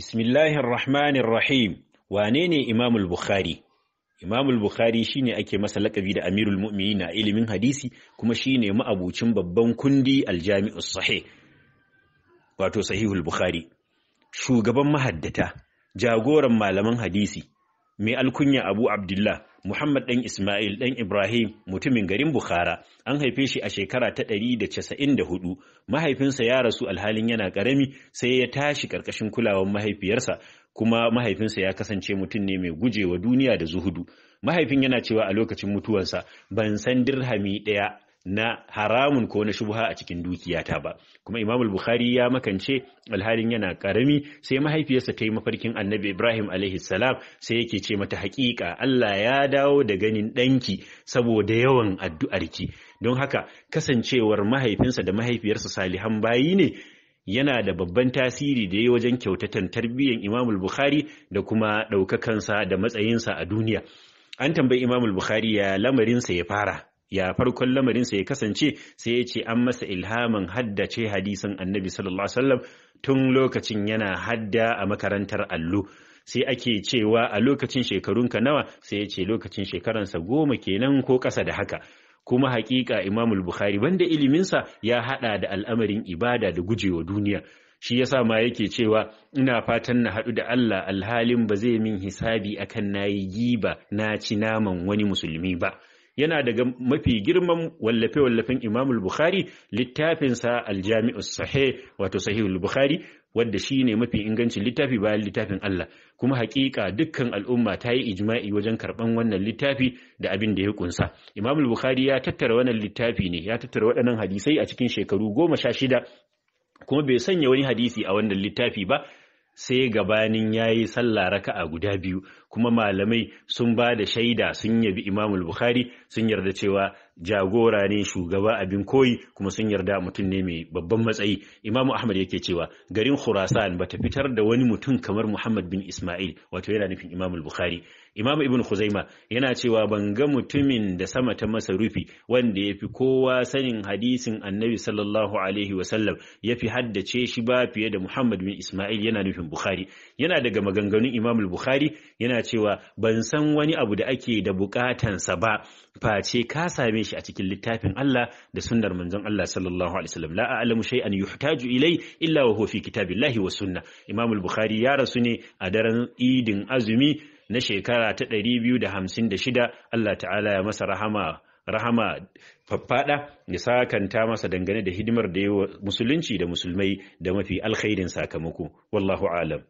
Bismillahir Rahmanir Rahim. Wane ne Imamul Bukhari? Imamul Bukhari shine ake masa lakabi da Amirul Mu'minin a ilimin hadisi kuma shine ma'abucin babban kundi Al-Jami'us Sahih. Wato Sahihul Bukhari. Shugaban mahaddata, jagoran malaman hadisi, mai alkunya Abu Abdullah, Muhammad ɗan Ismail ɗan Ibrahim mutumin garin Bukhara an haife shi a shekara ta ɗari da casa'in da hudu mahaifinsa ya rasu alhalin yana ƙarami sai ya tashi ƙarƙashin kulawar mahaifiyarsa kuma mahaifinsa ya kasance mutum ne mai gujewa duniya da zuhudu mahaifin yana cewa a lokacin mutuwansa ban san dirhami ɗaya na haramun ko na shubha a cikin dukiyata ba kuma imam al-bukhari ya makance alhalin yana karami sai mahaifiyarsa ta yi mafarkin annabi ibrahim alaihi salam sai yake ce mata haƙiƙa allah ya dawo da ganin ɗanki saboda yawan addu'arki don haka kasancewar mahaifinsa da mahaifiyarsa salihan bayi ne yana da babban tasiri da ya wajen kyautatan tarbiyyar imamul bukhari da kuma ɗaukakansa da matsayinsa a duniya an tambayi imamul bukhari ya lamarinsa ya fara ya farkon lamarin sa ya kasance sai ya ce an masa ilhamin haddace hadisin annabi sallallahu alaihi wasallam tun lokacin yana hadda a makarantar allo sai ake cewa a lokacin shekarunka nawa sai ya ce lokacin shekaransa goma kenan ko ƙasa da haka kuma haƙiƙa imamul bukhari banda iliminsa ya haɗa da al'amarin ibada da gujewa duniya shi yasa ma yake cewa ina fatan na haɗu da Allah alhalin ba zai min hisabi akan nayi giba na ci naman wani musulmi ba yana daga mafi girman wallafe-wallafen Imam Bukhari littafinsa al Sahih wato Sahihul Bukhari wanda shi ne mafi ingancin littafi bayan littafin Allah kuma hakika dukkan al'umma ta yi ijma'i wajen karɓan wannan littafi da abin da ya kunsa Imam Bukhari ya tattara wannan littafi ne ya tattara waɗannan hadisai a cikin shekaru goma sha shida kuma bai sanya wani hadisi a wannan littafi ba sai gabanin ya yi sallah raka'a guda biyu kuma malamai sun ba da shaida sun yabi imamul bukhari sun yarda cewa jagora ne shugaba abin koyi kuma sun yarda mutum ne mai babban matsayi imamu ahmad yake cewa garin khurasan bata fitar da wani mutum kamar muhammad bin isma'il wato yana nufin imamul bukhari imam ibn khuzaima yana cewa ban ga mutumin da sama ta masa rufi wanda ya fi kowa sanin hadisin annabi sallallahu alaihi wasallam ya fi haddace shi ba fiye da muhammad bin isma'il yana nufin bukhari yana daga maganganun imam bukhari yana cewa ban san wani abu da ake da bukatansa ba face ka same shi a cikin littafin Allah da sunnar manzon Allah sallallahu alaihi wasallam la a'lamu shay'an yuhtaju ilai illa wa huwa fi kitabillahi wa sunna imam bukhari ya rasu ne a daren idin azumi na shekara ta ɗari biyu da da hamsin shida, Allah ta'ala ya masa rahama rahama faffaɗa ya sakanta masa dangane da hidimar da yi wa musulunci da musulmai da mafi alkhairin sakamako wallahu alam